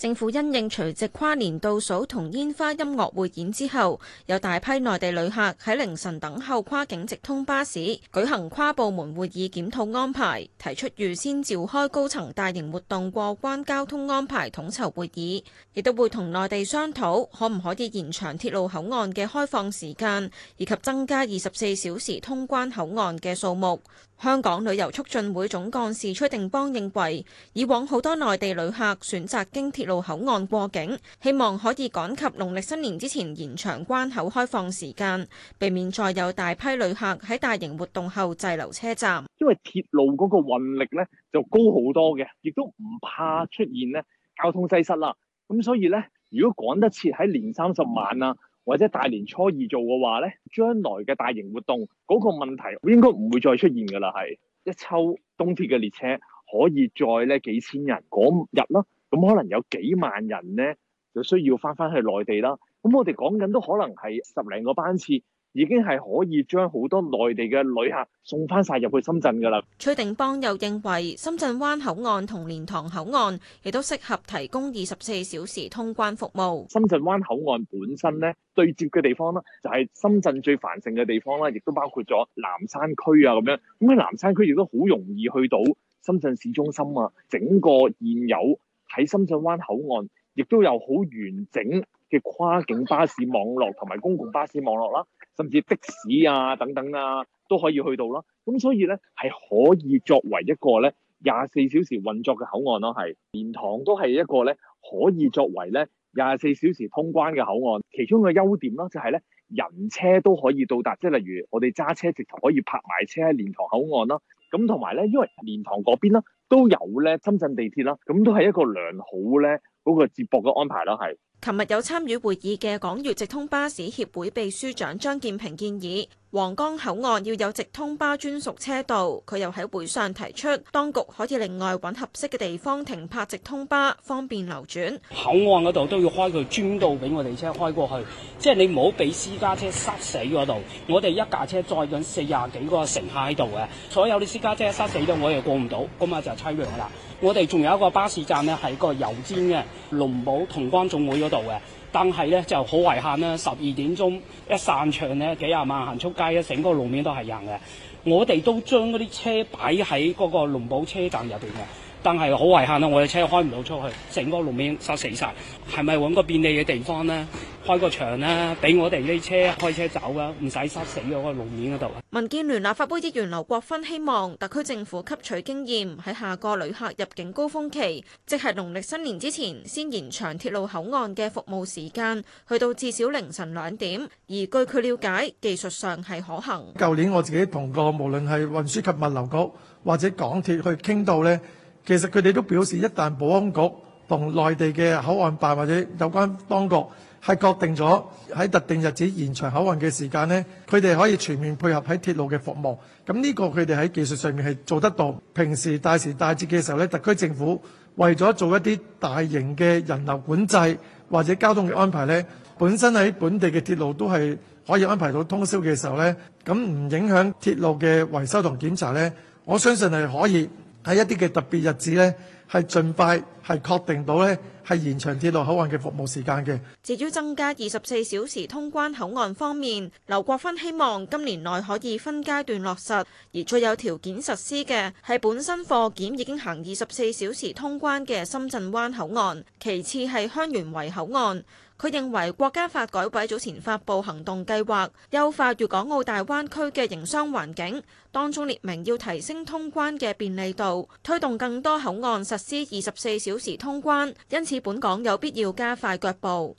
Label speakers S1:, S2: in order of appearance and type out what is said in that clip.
S1: 政府因應除夕跨年倒數同煙花音樂匯演之後，有大批內地旅客喺凌晨等候跨境直通巴士，舉行跨部門會議檢討安排，提出預先召開高層大型活動過關交通安排統籌會議，亦都會同內地商討可唔可以延長鐵路口岸嘅開放時間，以及增加二十四小時通關口岸嘅數目。香港旅遊促進會總幹事崔定邦認為，以往好多內地旅客選擇經鐵路口岸過境，希望可以趕及農曆新年之前延長關口開放時間，避免再有大批旅客喺大型活動後滯留車站。
S2: 因為鐵路嗰個運力咧就高好多嘅，亦都唔怕出現咧交通擠塞啦。咁所以咧，如果趕得切喺年三十晚啊。或者大年初二做嘅話咧，將來嘅大型活動嗰個問題應該唔會再出現噶啦，係一抽東鐵嘅列車可以載咧幾千人嗰日咯，咁可能有幾萬人咧就需要翻翻去內地啦，咁我哋講緊都可能係十零個班次。已經係可以將好多內地嘅旅客送翻晒入去深圳噶啦。
S1: 崔定邦又認為，深圳灣口岸同蓮塘口岸亦都適合提供二十四小時通關服務。
S2: 深圳灣口岸本身咧對接嘅地方啦，就係深圳最繁盛嘅地方啦，亦都包括咗南山區啊咁樣。咁喺南山區亦都好容易去到深圳市中心啊。整個現有喺深圳灣口岸，亦都有好完整嘅跨境巴士網絡同埋公共巴士網絡啦、啊。甚至的士啊，等等啊，都可以去到啦，咁所以咧，係可以作為一個咧廿四小時運作嘅口岸咯、啊。係蓮塘都係一個咧可以作為咧廿四小時通關嘅口岸。其中嘅優點啦、啊，就係、是、咧人車都可以到達，即係例如我哋揸車直頭可以泊埋車喺蓮塘口岸啦、啊。咁同埋咧，因為蓮塘嗰邊啦。都有咧，深圳地鐵啦，咁都係一個良好咧嗰個接駁嘅安排咯，係。
S1: 琴日有參與會議嘅港粵直通巴士協會秘書長張建平建議，皇崗口岸要有直通巴專屬車道。佢又喺會上提出，當局可以另外揾合適嘅地方停泊直通巴，方便流轉。
S3: 口岸嗰度都要開個專道俾我哋車開過去，即係你唔好俾私家車塞死嗰度。我哋一架車載緊四十幾個乘客喺度嘅，所有啲私家車塞死咗，我又過唔到，咁啊就了我哋仲有一個巴士站咧，係一個油尖嘅龍寶同光總會嗰度嘅，但係咧就好遺憾咧，十二點鐘一散場咧，幾廿萬行出街，成個路面都係人嘅。我哋都將嗰啲車擺喺嗰個龍寶車站入邊嘅。但係好遺憾啊！我哋車開唔到出去，成個路面塞死晒。係咪揾個便利嘅地方呢？開個場啦，俾我哋呢車開車走啦，唔使塞死咗個路面嗰度。
S1: 民建聯立法會議員劉國芬希望特區政府吸取經驗，喺下個旅客入境高峰期，即係農曆新年之前，先延長鐵路口岸嘅服務時間，去到至少凌晨兩點。而據佢了解，技術上係可行。
S4: 舊年我自己同個無論係運輸及物流局或者港鐵去傾到呢。其實佢哋都表示，一旦保安局同內地嘅口岸辦或者有關當局係確定咗喺特定日子延長口岸嘅時間呢，佢哋可以全面配合喺鐵路嘅服務。咁呢個佢哋喺技術上面係做得到。平時大時大節嘅時候咧，特區政府為咗做一啲大型嘅人流管制或者交通嘅安排咧，本身喺本地嘅鐵路都係可以安排到通宵嘅時候咧，咁唔影響鐵路嘅維修同檢查咧，我相信係可以。喺一啲嘅特別日子咧。係盡快係確定到呢，係延長鐵路口岸嘅服務時間嘅。
S1: 至於增加二十四小時通關口岸方面，劉國芬希望今年內可以分階段落實，而最有條件實施嘅係本身貨檢已經行二十四小時通關嘅深圳灣口岸，其次係香園圍口岸。佢認為國家發改委早前發布行動計劃，優化粵港澳大灣區嘅營商環境，當中列明要提升通關嘅便利度，推動更多口岸實施二十四小時通關，因此本港有必要加快腳步。